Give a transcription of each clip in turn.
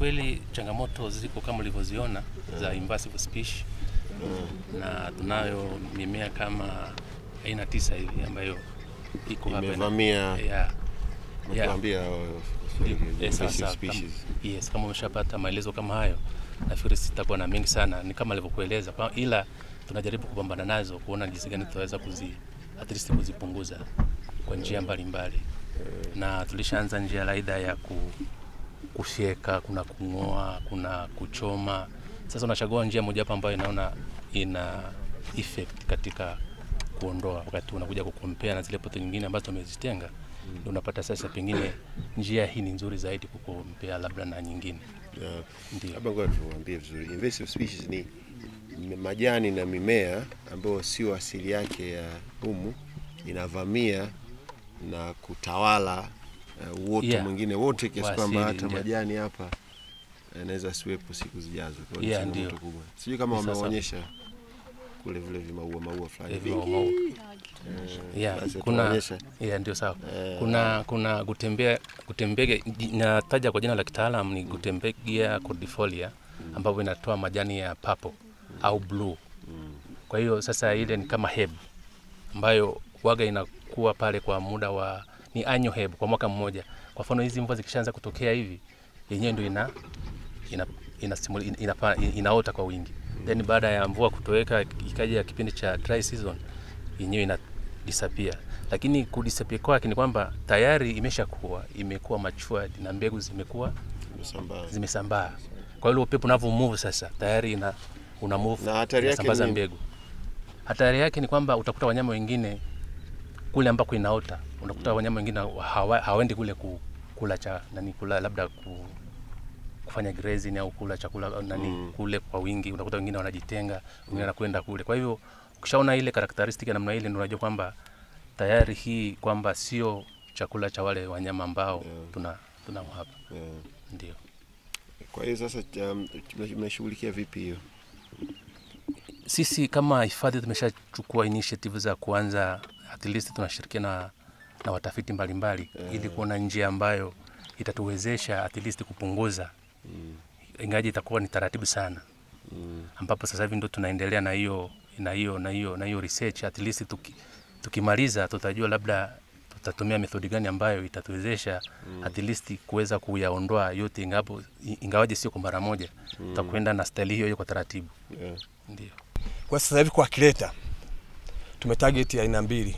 kweli changamoto ziko kama ulivyoziona za invasive species mm. na tunayo mimea kama aina tisa hivi ambayo iko hapa imevamia uh, eh, yes, kama umeshapata maelezo kama hayo, nafikiri sitakuwa na mengi sana, ni kama alivyokueleza, ila tunajaribu kupambana nazo kuona jinsi gani tunaweza kuzi at least kuzipunguza kwa njia mbalimbali mbali. na tulishaanza njia laida ya ku kufyeka, kuna kung'oa, kuna kuchoma. Sasa unachagua njia mojawapo ambayo inaona ina effect katika kuondoa, wakati unakuja kukompea na zile poto nyingine ambazo tumezitenga mm. unapata sasa, pengine njia hii ni nzuri zaidi kukompea labda na nyingine. Yeah. Ndio labda kwa tuambie vizuri, invasive species ni majani na mimea ambayo sio asili yake ya humu, inavamia na kutawala uh, eh, uoto yeah. mwingine wote kiasi kwamba hata yeah. majani hapa yanaweza eh, siwepo siku zijazo. Kwa hiyo yeah, moto kubwa. Sijui kama wameonyesha kule vile vimaua maua fulani vingi. Eh, yeah, kuna yeah, ndio sawa. Yeah. Kuna kuna kutembea kutembege nataja kwa jina la kitaalam ni Gutembegia cordifolia mm. ambapo inatoa majani ya purple mm. au blue. Mm. Kwa hiyo sasa ile ni kama herb ambayo waga inakuwa pale kwa muda wa ni annual herb kwa mwaka mmoja. Kwa mfano hizi mvua zikishaanza kutokea hivi, yenyewe ndio ina ina inaota ina, ina, ina kwa wingi. Then baada ya mvua kutoweka, ikaja kipindi cha dry season, yenyewe ina disappear. Lakini disappear kwake ni kwamba tayari imeshakuwa imekuwa mature na mbegu zimekuwa zimesambaa, zimesambaa. Kwa hiyo upepo unavyo move sasa tayari ina una move na hatari yake ni mbegu. Hatari yake ni kwamba utakuta wanyama wengine kule ambako inaota unakuta wanyama wengine hawaendi kule ku, kula cha nani kula labda ku, kufanya grazing au kula chakula nani mm. kule kwa wingi, unakuta wengine wanajitenga, wengine mm. wanakwenda kule. Kwa hivyo ukishaona ile characteristic ya namna ile, ndio unajua kwamba tayari hii kwamba sio chakula cha wale wanyama ambao yeah. tuna tuna hapa yeah. ndio. Kwa hiyo sasa um, tumeshughulikia vipi hiyo? Sisi kama hifadhi tumeshachukua initiative za kuanza at least tunashirikiana na watafiti mbalimbali mbali, eh. ili kuona njia ambayo itatuwezesha at least kupunguza mm. ingaje itakuwa ni taratibu sana mm. ambapo sasa hivi ndo tunaendelea na hiyo na hiyo na hiyo na hiyo research at least tuki, tukimaliza tutajua labda tutatumia methodi gani ambayo itatuwezesha mm. at least kuweza kuyaondoa yote, ingapo ingawaje sio kwa mara moja mm. tutakwenda na staili hiyo hiyo kwa taratibu yeah. Ndio kwa sasa hivi kwa Kileta tumetarget aina mbili,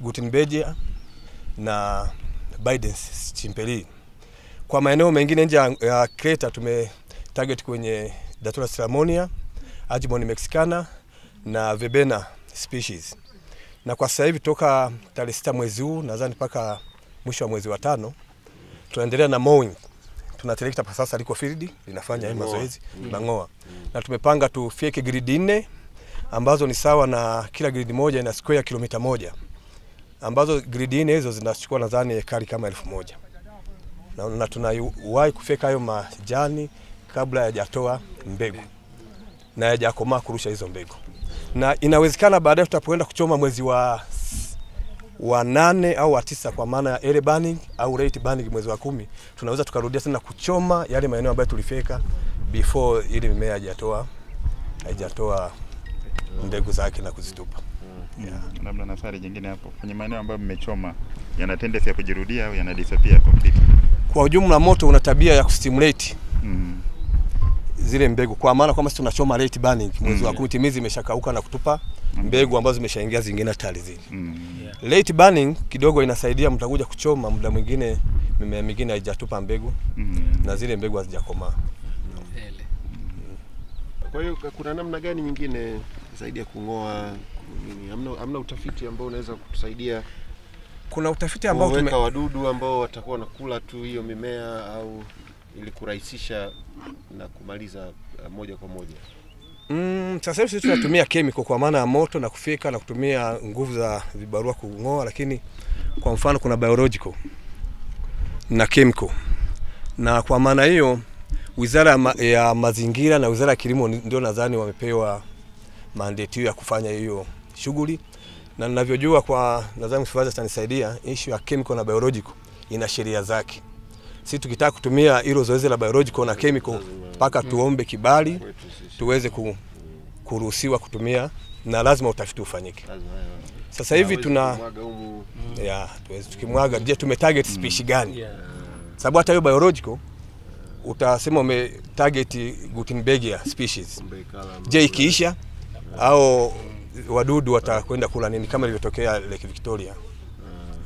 Gutenbergia na Bidens chimpeli. Kwa maeneo mengine nje ya Kreta tume target kwenye Datura ceremonia, Ajimon mexicana na Verbena species. Na kwa sasa hivi toka tarehe sita mwezi huu nadhani mpaka mwisho wa mwezi wa tano tunaendelea na mowing. Tuna trekta kwa sasa liko field linafanya mazoezi, tunang'oa. Mm. Na tumepanga tufieke gridi nne ambazo ni sawa na kila gridi moja ina square kilomita moja ambazo gridi nne hizo zinachukua nadhani ekari kama elfu moja na, na tunawahi kufyeka hayo majani kabla yajatoa mbegu na yajakomaa kurusha hizo mbegu, na inawezekana baadaye tutapoenda kuchoma mwezi wa wa nane au wa tisa kwa maana ya early burning au late burning mwezi wa kumi, tunaweza tukarudia tena kuchoma yale maeneo ambayo tulifyeka before ili mimea haijatoa haijatoa mbegu zake na kuzitupa. Mm. Yeah. Mm. Labda na sare jingine hapo kwenye maeneo ambayo mmechoma yana tendency ya kujirudia au yana disappear completely? Kwa ujumla moto una tabia ya kustimulate mm. zile mbegu kwa maana kwamba sisi tunachoma late burning mwezi mm. wa kumi timizi imeshakauka na kutupa mm. mbegu ambazo zimeshaingia zingine hatari zile. Mm. Yeah. Late burning kidogo inasaidia mtakuja kuchoma muda mwingine mimea mingine haijatupa mbegu mm. na zile mbegu hazijakomaa. Mm. Kwa hiyo kuna namna gani nyingine zaidi ya kung'oa nini? Hamna, hamna utafiti ambao unaweza kutusaidia kuna utafiti ambao tume... wadudu ambao watakuwa wanakula tu hiyo mimea au ili kurahisisha na kumaliza uh, moja kwa moja. Mm, sasa hivi sisi tunatumia chemical kwa maana ya moto na kufika na kutumia nguvu za vibarua kung'oa, lakini kwa mfano kuna biological na chemical, na kwa maana hiyo wizara ya, ma ya mazingira na wizara ya kilimo ndio nadhani wamepewa mandate ya kufanya hiyo shughuli, na ninavyojua kwa nadhani Supervisor atanisaidia, issue ya chemical na biological ina sheria zake. Sisi tukitaka kutumia hilo zoezi la biological na chemical mpaka mm. tuombe kibali mm. tuweze ku, kuruhusiwa kutumia na lazima utafiti ufanyike. Sasa hivi tuna ya mm. tuwezi tukimwaga, je, tume target species gani? Sababu hata hiyo biological utasema ume target Gutenbergia species. Je, ikiisha au wadudu watakwenda kula nini, kama ilivyotokea Lake Victoria.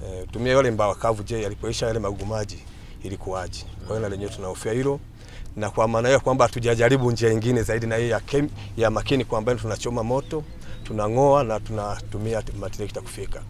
E, tumia yale mbawa kavu. Je, yalipoisha yale magugu maji ilikuwaje? Kwa hiyo na lenyewe tunahofia hilo na kwa maana hiyo kwamba hatujajaribu njia nyingine zaidi na hii ya, kem, ya makini kwamba tunachoma moto, tunang'oa na tunatumia matrekta kufika.